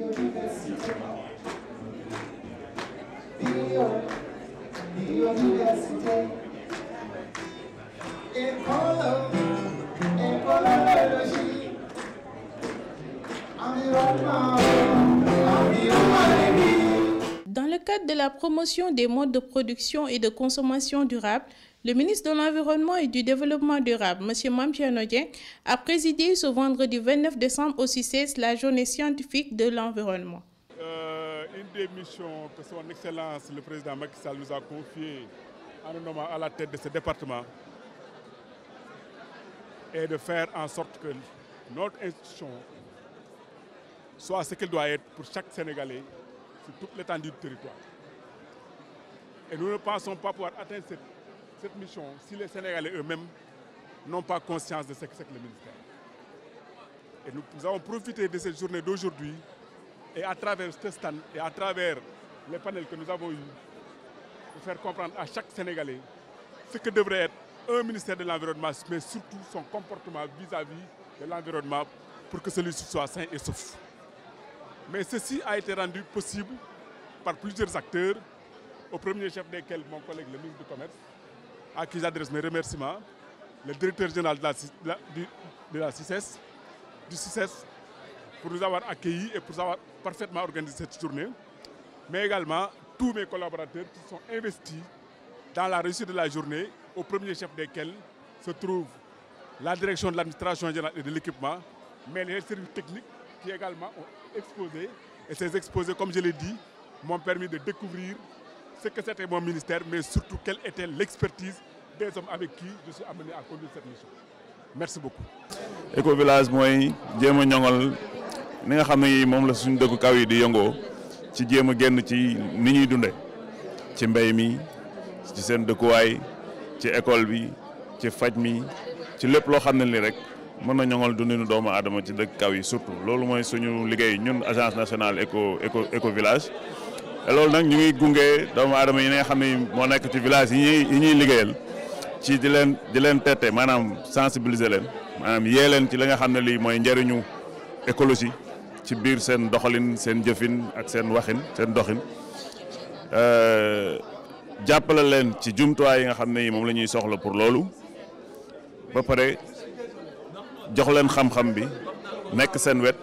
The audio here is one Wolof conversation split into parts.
biodiversité bio biodiversité écologie cadre de la promotion des modes production et de consommation durable, ministre de l'Environnement et du Développement durable, M. Mampianodien, a présidé ce vendredi 29 décembre au CICES la journée scientifique de l'environnement. Euh, une son Excellence le président Macky Sall nous a confiée département de faire en sorte que notre institution pour chaque Sénégalais sur toute l'étendue du territoire. Et nous ne pensons pas pouvoir atteindre cette, cette mission si les Sénégalais eux-mêmes n'ont pas conscience de ce que c'est que le ministère. Et nous, profité de cette journée d'aujourd'hui et à travers ce stand et à travers les panels que nous avons eus pour faire comprendre à chaque Sénégalais ce que devrait être un ministère de l'Environnement, mais surtout son comportement vis-à-vis -vis de l'environnement pour que celui soit sain et sauf. Mais ceci a été rendu possible par plusieurs acteurs, au premier chef desquels mon collègue le ministre du Commerce, à qui j'adresse mes remerciements, le directeur général de la, du, de la CICES, e du CICES, e pour nous avoir accueillis et pour avoir parfaitement organisé cette journée, mais également tous mes collaborateurs qui sont investis dans la réussite de la journée, au premier chef desquels se trouve la direction de l'administration générale et de l'équipement, mais les services techniques qui également ont exposé. comme je l'ai dit, m'ont permis de découvrir ce que c'était mon ministère, mais surtout quelle était l'expertise des hommes avec qui je suis amené à conduire cette mission. merci beaucoup. Ecovillage mooy jéem a ñoŋal ni nga xam ne moom la suñu dëkku kaw yi di yëngoo ci jéem a génn ci ni ñuy dunde ci mbéy mi ci seen dëkkuwaay ci école bi ci faj mi ci lépp loo xam na ni rek. mën na ñoŋal dundinu doomu adama ci dëkk kaw yi surtout loolu mooy suñu liggéey ñun agence nationale éco éco éco village. loolu nag ñu ngi gunge doomu aadama yi nga xam ne moo nekk ci village yi yi ñuy liggéeyal ci di leen di leen tette maanaam sensibiliser leen maanaam yee ci li nga xam ne lii mooy njëriñu écologie ci biir seen doxalin seen jëfin ak seen waxin seen doxin. Euh, jàppale leen ci jumtuwaay yi nga xam ne yi moom la ñuy soxla pour loolu ba pare. jox leen xam bi nekk seen wet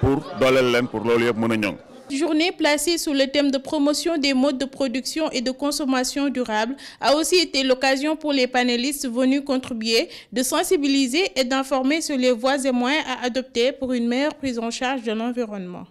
pour leen pour loolu yëpp mën a ñoŋ. journée placée sous le thème de promotion des modes de production et de consommation durable a aussi été l'occasion pour les panélistes venus contribuer de sensibiliser et d'informer sur les voies et moyens à adopter pour une meilleure prise en charge de l'environnement.